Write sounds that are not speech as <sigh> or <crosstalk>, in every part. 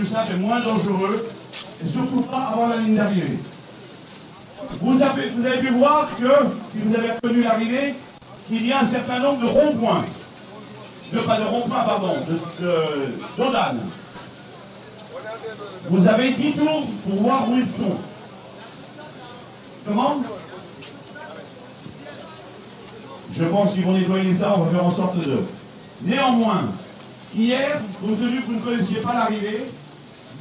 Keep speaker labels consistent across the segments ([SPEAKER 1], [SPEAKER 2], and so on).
[SPEAKER 1] plus simple et moins dangereux, et surtout pas avant la ligne d'arrivée. Vous avez, pu voir que, si vous avez reconnu l'arrivée, qu'il y a un certain nombre de ronds-points. De, pas de ronds-points, pardon, De, d'Odane. vous avez 10 tours pour voir où ils sont. Comment Je pense qu'ils vont nettoyer ça, on va faire en sorte de. Néanmoins, hier, compte tenu que vous ne connaissiez pas l'arrivée,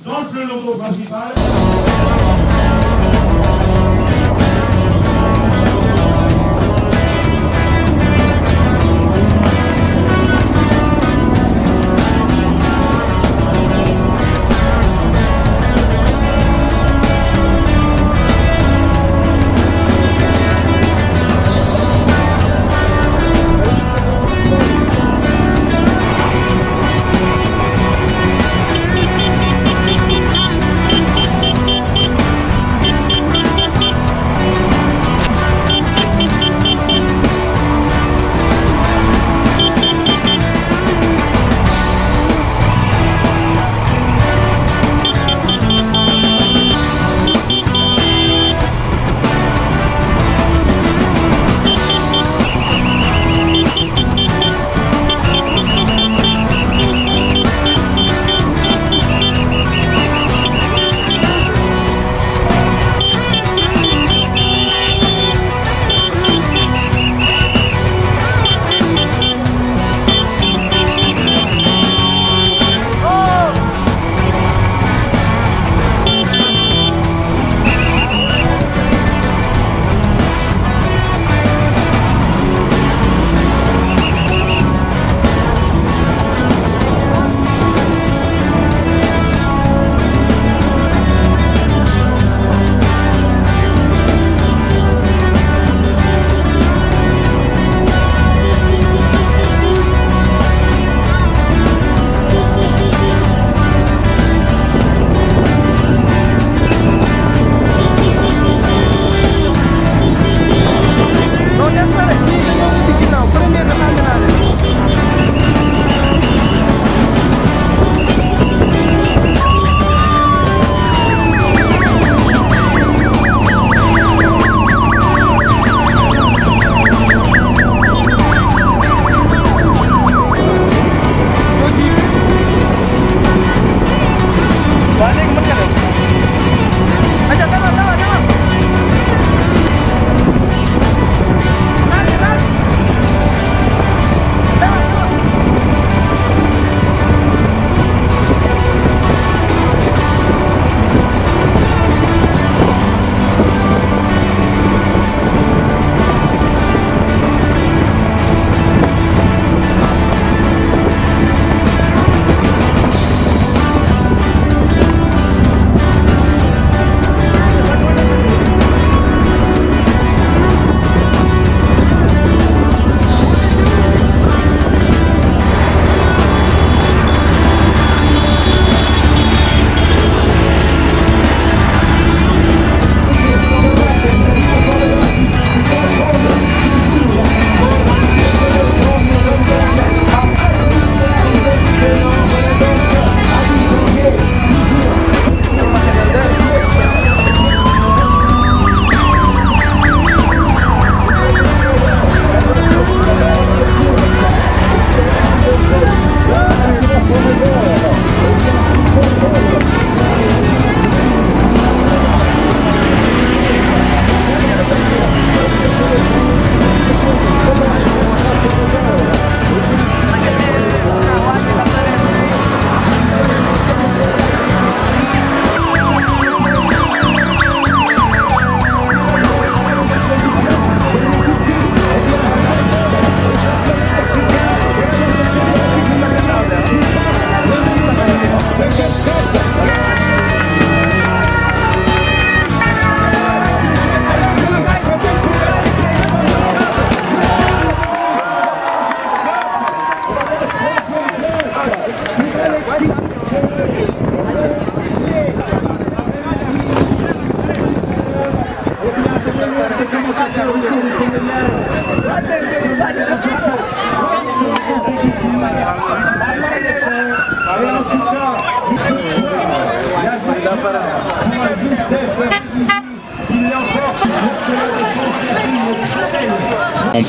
[SPEAKER 1] donc le logo principal.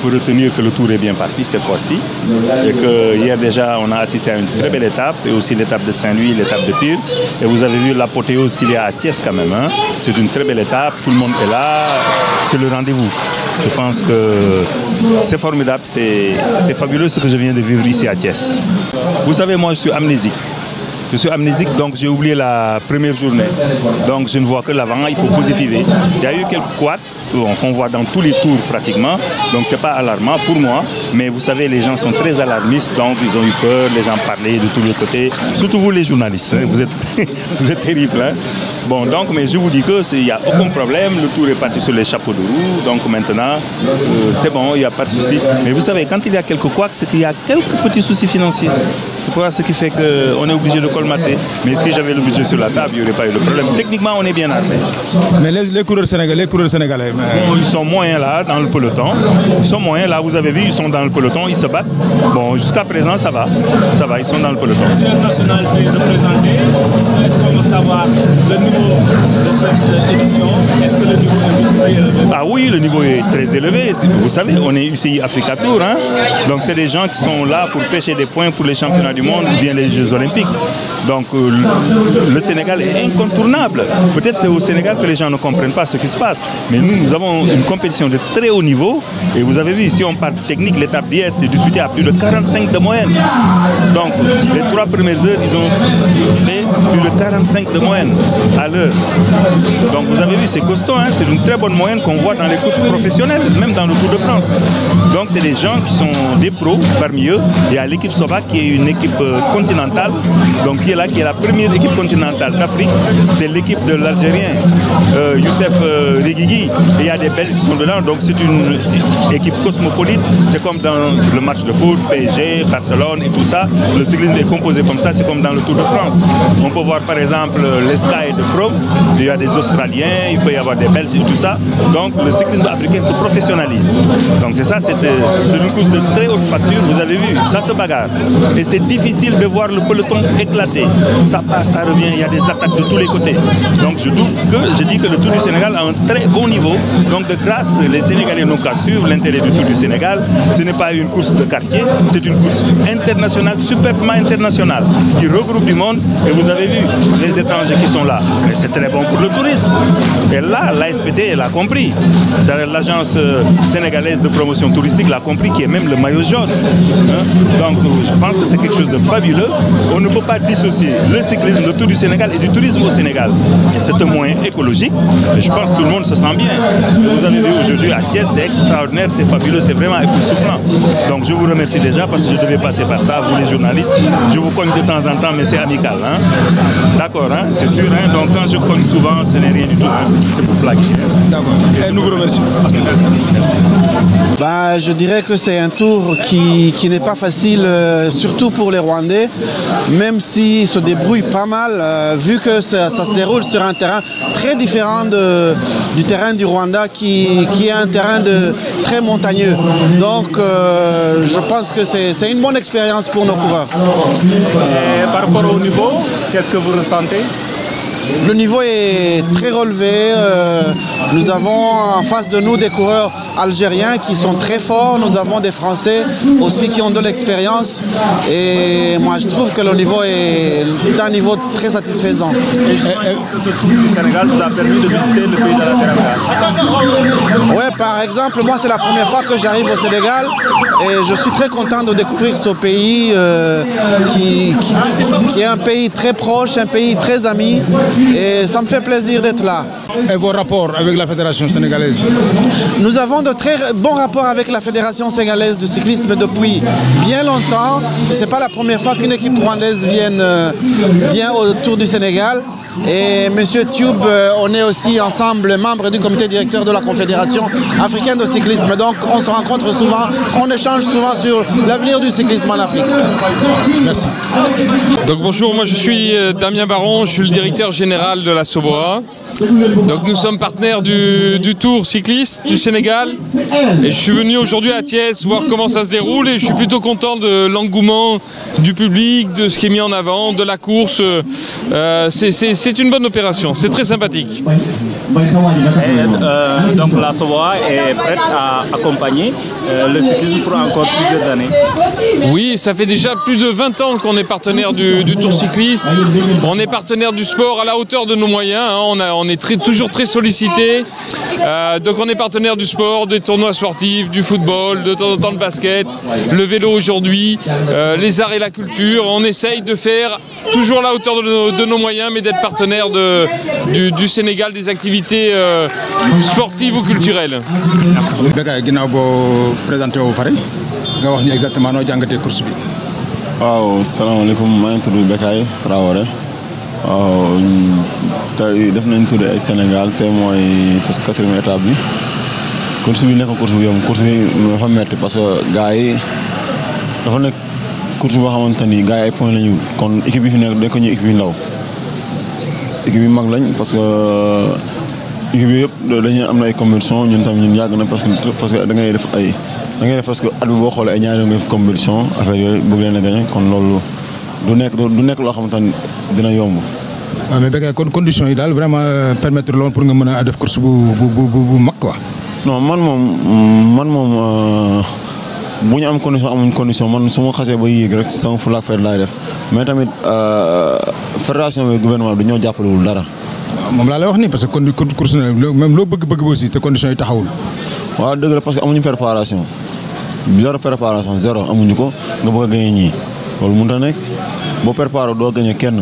[SPEAKER 1] peut retenir que le tour est bien parti cette fois-ci et que hier déjà on a assisté à une très belle étape et aussi l'étape de Saint-Louis, l'étape de Pire. Et vous avez vu l'apothéose qu'il y a à Thiès quand même. Hein. C'est une très belle étape, tout le monde est là, c'est le rendez-vous. Je pense que c'est formidable, c'est fabuleux ce que je viens de vivre ici à Thiès. Vous savez, moi je suis amnésique. Je suis amnésique, donc j'ai oublié la première journée. Donc je ne vois que l'avant, il faut positiver. Il y a eu quelques quads euh, on voit dans tous les tours pratiquement. Donc c'est pas alarmant pour moi, mais vous savez, les gens sont très alarmistes, donc ils ont eu peur, les gens parlaient de tous les côtés, surtout vous les journalistes, hein. vous êtes, <laughs> vous êtes terribles. Hein. Bon, donc, mais je vous dis qu'il n'y a aucun problème, le tour est parti sur les chapeaux de roue, donc maintenant, euh, c'est bon, il n'y a pas de souci. Mais vous savez, quand il y a quelques couacs, c'est qu'il y a quelques petits soucis financiers. C'est pour ça ce qui fait qu'on est obligé de colmater. Mais si j'avais le budget sur la table, il n'y aurait pas eu le problème. Techniquement, on est bien armé. Mais les, les les coureurs sénégalais ils sont moyens là dans le peloton. Ils sont moyens là, vous avez vu, ils sont dans le peloton, ils se battent. Bon, jusqu'à présent, ça va. Ça va, ils sont dans le peloton. le cette euh, édition est que le oui, le niveau est très élevé. Vous savez, on est UCI Africa Tour. Hein. Donc, c'est des gens qui sont là pour pêcher des points pour les championnats du monde ou bien les Jeux Olympiques. Donc, euh, le, Sénégal est incontournable. Peut-être c'est au Sénégal que les gens ne comprennent pas ce qui se passe. Mais nous, nous avons une compétition de très haut niveau. Et vous avez vu, ici, on parle technique, l'étape d'hier, c'est disputé à plus de 45 de moyenne. Donc, les trois premières heures, ils ont fait plus de 45 de moyenne à l'heure. Donc, vous avez vu, c'est costaud. Hein. c'est une très bonne moyenne qu'on voit dans les courses professionnelles, même dans le Tour de France. Donc c'est des gens qui sont des pros parmi eux. Il y a l'équipe Sova qui est une équipe euh, continentale, donc qui est là, qui est la première équipe continentale d'Afrique. C'est l'équipe de l'Algérien euh, Youssef euh, Et il y a des Belges qui sont dedans, donc c'est une équipe cosmopolite. C'est comme dans le match de foot, PSG, Barcelone et tout ça. Le cyclisme est composé comme ça, c'est comme dans le Tour de France. On peut voir par exemple les Sky de From, il y a des Australiens, il peut y avoir des Belges et tout ça. Donc le le cyclisme africain se professionnalise. Donc c'est ça, euh, c'est une course de très haute facture, vous avez vu, ça se bagarre. Et c'est difficile de voir le peloton éclater. Ça part, ça revient, il y a des attaques de tous les côtés. Donc je, doute que, je dis que le Tour du Sénégal a un très bon niveau. Donc de grâce, les Sénégalais n'ont qu'à suivre l'intérêt du Tour du Sénégal. Ce n'est pas une course de quartier, c'est une course internationale, superbement internationale, qui regroupe du monde. Et vous avez vu les étrangers qui sont là. C'est très bon pour le tourisme. Et là, l'ASPT, elle a compris. L'agence euh, sénégalaise de promotion touristique l'a compris, qui est même le maillot jaune. Hein. Donc je pense que c'est quelque chose de fabuleux. On ne peut pas dissocier le cyclisme, de tour du Sénégal et du tourisme au Sénégal. C'est un moyen écologique. Je pense que tout le monde se sent bien. vous avez vu aujourd'hui à Thiès, c'est extraordinaire, c'est fabuleux, c'est vraiment époustouflant. Donc je vous remercie déjà parce que je devais passer par ça, vous les journalistes. Je vous cogne de temps en temps, mais c'est amical. Hein. D'accord, hein, c'est sûr. Donc quand je cogne souvent, ce n'est rien du tout. C'est pour plaquer.
[SPEAKER 2] Bah, je dirais que c'est un tour qui, n'est pas facile, euh, surtout pour les Rwandais, même s'ils se débrouillent pas mal, euh, vu que ça, se déroule sur un terrain très différent du terrain du Rwanda, qui, est un terrain de, très montagneux. Donc, euh, je pense que c'est une bonne expérience pour nos coureurs. par rapport au niveau, qu'est-ce que vous ressentez le niveau est très relevé. Euh, nous avons en face de nous des coureurs algériens qui sont très forts, nous avons des Français aussi qui ont de l'expérience et moi je trouve que le niveau est un niveau très satisfaisant. Et ce tour du Sénégal vous a permis de visiter le pays de la Oui, par exemple, moi c'est la première fois que j'arrive au Sénégal et je suis très content de découvrir ce pays euh, qui, est un pays très proche, un pays très ami et ça me fait plaisir d'être là. Et vos rapports avec la Fédération sénégalaise Nous avons très bon rapport avec la Fédération sénégalaise de cyclisme depuis bien longtemps. Ce n'est pas la première fois qu'une équipe rwandaise euh, vient, au Tour du Sénégal. Et Monsieur Tube, euh, on est aussi ensemble membre du comité directeur de la Confédération africaine de cyclisme. Donc on se rencontre souvent, on échange souvent sur l'avenir du cyclisme en Afrique. Merci.
[SPEAKER 1] Donc bonjour, moi je suis euh, Damien Baron, je suis le directeur général de la Soboa. Donc nous sommes partenaires du, Tour cycliste du Sénégal. Et je suis venu aujourd'hui à Thiès voir comment ça se déroule et je suis plutôt content de l'engouement du public, de ce qui est mis en avant, de la course. Euh, c'est une bonne opération, c'est très sympathique. Euh, donc la Savoie est prête à accompagner euh, le cyclisme pour encore plusieurs années. Oui, ça fait déjà plus de 20 ans qu'on est partenaire du, Tour cycliste. On est partenaire du sport à la hauteur de nos moyens. Hein. On, a, est très, toujours très sollicité. Euh, donc on est partenaire du sport, des tournois sportifs, du football, de temps en temps le basket, le vélo aujourd'hui, euh, les arts et la culture. On essaye de faire toujours la hauteur de nos, moyens, mais d'être partenaire de, du, Sénégal des activités euh, sportives ou culturelles.
[SPEAKER 3] waaw tey def nañ tuddee ay Sénégal te mooy parce que quatrième étape bi course bi nekk course bu yomb course bi dafa parce que gars yi dafa nekk course boo xamante ni gaa yi ay point lañu kon équipe bi fi nekk dañ ko ñuy équipe ndaw équipe yi mag lañ parce que équipe yëpp dañuy am na ay compétition ñun tam ñun yàgg na parce que def ay da def parce at bi boo xoolee ay ñaari nga compétition affaire yooyu bëgg leen a gagné kon loolu du nekk du nekk loo xamante ni dina yomb. waaw ah, mais Bécaye
[SPEAKER 4] kon condition yi daal vraiment euh, permettre loon pour nga mën a def course bu bu bu mag quoi.
[SPEAKER 3] non man moom man moom euh, bu ñu am condition amuñ condition man su ma xasee ba yéeg rek sama fulaak fayda laay def mais tamit euh, fédération bi gouvernement bi dañoo jàppalewul
[SPEAKER 4] dara. Ah, moom laa lay wax nii parce que condi loo bëgg bëgg aussi te condition yi taxawul.
[SPEAKER 3] waaw dëgg la parce que amuñu préparation zéro préparation zéro amuñu ko nga bëgg a gagné ñii. loolu mënta nekk bo préparé do gagner kenn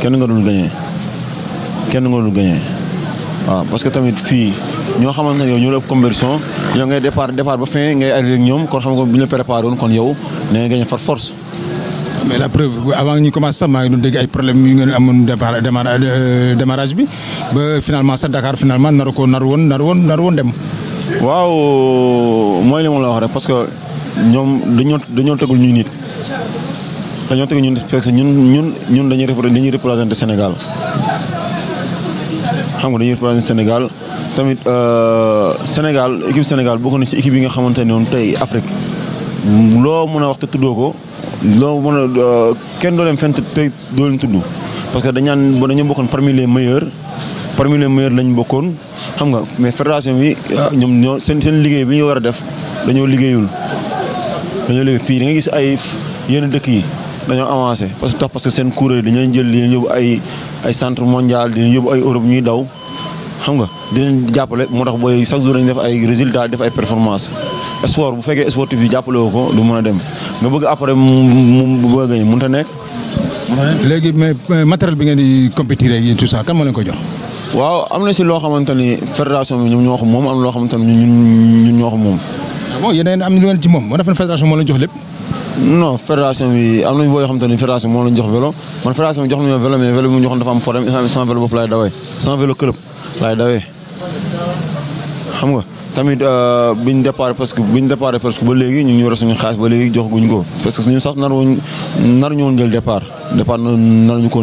[SPEAKER 3] kenn nga dul gagner kenn nga dul gagner wa ah, parce que tamit fi ño xamante ne yow ñoo la conversion ño ngay départ départ ba fin ngay arrivé ñom kon xam nga buñu ñu la préparé woon kon yow né gagner gagné far force.
[SPEAKER 4] mais la preuve avant ñu commencer sax maa ngi dégg ay problème ñu ngeen amoon départ démarrage eh, démarrage bi ba finalement sa Dakar finalement naroko nar won nar won nar won dem.
[SPEAKER 3] waaw moy li ma la wax rek parce que ñom dañu dañu tegul ñu nit dañoo teg ñun fekk ñun ñun ñun dañuy dañuy représenté Sénégal xam nga dañuy représenté Sénégal tamit euh, Sénégal équipe Sénégal bokk na ci équipe yi nga xamante ne noonu tey Afrique loo mën a wax te tuddoo ko loo mën a euh, kenn doo leen fent te doo leen tudd parce que dañaan bo dañoo bokkoon parmi les meilleurs parmi les meilleurs lañ bokkoon xam nga mais fédération bi euh, ñoom ñoo seen seen liggéey bi ñu war a def dañoo liggéeyul dañoo liggéey fii da nga gis ay yenn dëkk yi dañoo avancé parce que tax parce que seen kuréel dañoo jël di leen yóbbu ay ay centre mondial di yóbbu ay Europe ñuy daw xam nga di leen jàppale moo tax boo chaque jour dañu def ay résultats def ay performance sport bu fekkee sportif yi jàppale ko du mën a dem nga bëgg après mu mu bëgg a gañe mënut a nekk. léegi mais matériel bi ngeen di compétir ak yéen tout ça kan moo leen ko jox. waaw am na si loo xamante ni fédération bi ñoom ñoo ko moom am loo xamante ni ñun ñun ñoo ko moom. Ah
[SPEAKER 4] bon yéen a am lu leen moom moo def fédération moo
[SPEAKER 3] leen jox lépp. non fédération bi am nañu boo yoo xamante ne fédération moom lañu jox vélo man fédération bi jox nañu vélo mais vélo nga tamit euh, biñ départ parce que biñ que ba ñu ngi yore suñu xaalis ba léegi jox guñ ko parce que suñu sax nar woon nar ñu woon jël départ départ nar ñu ko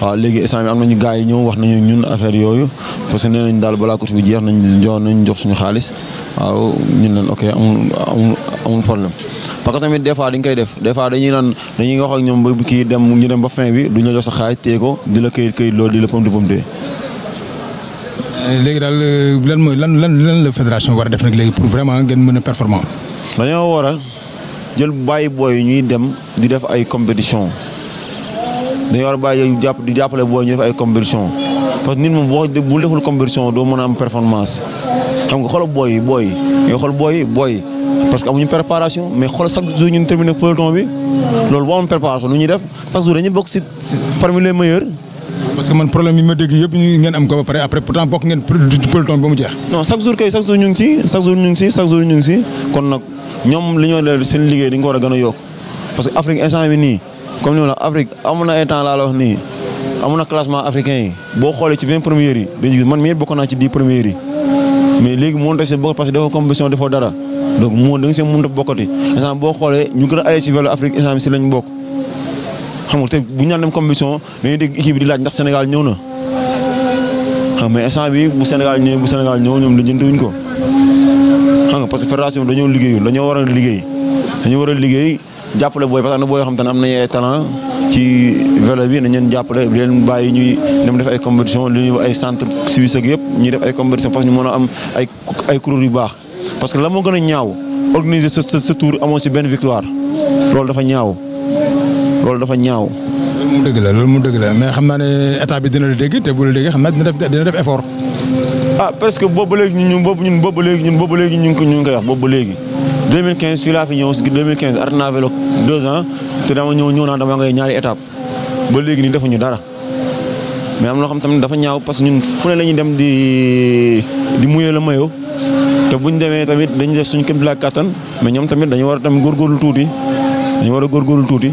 [SPEAKER 3] waaw léegi instant bi am nañu gars yi ñëw wax nañu ñun affaire yooyu parce que nee nañ daal balaa course bi jeex nañ jox nañ jox suñu xaalis waaw ñun leen amul problème parce que tamit des fois dañ koy def des fois dañuy naan dañuy wax ak ñoom ba kii dem ñu dem ba fin bi duñ la jox sa xaaj téye ko di la këyit këyit loolu di la pomte pomte. Euh,
[SPEAKER 4] léegi daal euh, lan mooy lan lan lan la fédération war a
[SPEAKER 3] def nag léegi pour vraiment ngeen mën a performant. dañoo war a jël bàyyi booy ñuy dem di def ay compétition dañoo war a bàyyi jàpp di jàppale booy ñuy def ay compétition parce que nit moom boo bu deful compétition doo mën a am performance xam nga xoolal booy booy nga xool booy booy. parce que amuñu préparation mais chaque jour ñun le peloton bi loolu boo am préparation lu ñuy chaque jour c'est parmi les meilleurs. parce que mon problème
[SPEAKER 4] yi me dégg yëpp ñu ngeen am ko ba pare après pourtant bokk ngeen peloton bi ba mu
[SPEAKER 3] non chaque jour kay chaque jour ñu ngi chaque jour ñu ngi chaque jour ñu ngi si kon nag ñoom li ñu war seen liggéey dañu ko parce que Afrique instant bi nii comme ni ma la Afrique amoon na temps la wax nii amoon classement africain yi boo xoolee ci vingt premières yi dañu gis man le meilleur naa ci 10 premières yi. mais léegi mënut a si bokk parce que defoo compétition defoo dara donc moo da nga see mënut a bokkati instant boo xoolee ñu gën a ay si vélo Afrique instant bi si lañ bokk xam nga te bu ñu naan dem compétition dañuy dégg équipe bi di laaj ndax Sénégal ñëw na xam mais instant bi bu Sénégal ñëw bu Sénégal ñëw ñoom lijjantiwuñ ko xam nga parce que fédération dañoo liggéeyul dañoo war a liggéey dañoo war a liggéey jàppale booy parce que am na booy yoo xam te ne am nañu ay talent ci vélo bi na leen jàppale di leen bàyyi ñuy dem def ay compétition li ñuy ay centre suisse ak yëpp ñuy def ay compétition parce que ñu mën am ay yu baax parce que la moo gën ñaaw organiser sa sa tour amoo si benn victoire loolu dafa ñaaw loolu dafa ñaaw. loolu mu dëgg la loolu mu dëgg la mais xam naa ne état bi dina la te bu la xam naa dina def dina def effort. ah parce que boobu léegi ñun boobu ñun boobu ba léegi ñun boobu léegi ñu ngi ko ñu ngi koy wax boobu ba léegi 2015 fii laa naa vélo 2 ans. te dama ñëw ñëw naa dama ngay ñaari étape ba léegi ni defuñu dara mais am loo xam tamit dafa ñaaw parce que ñun fu ne la dem di di muyee la mayo te bu buñ demee tamit dañuy def suñ kéem laa kattan mais ñoom tamit dañu war a tamit góorgóorlu tuuti dañu war a góorgóorlu tuuti.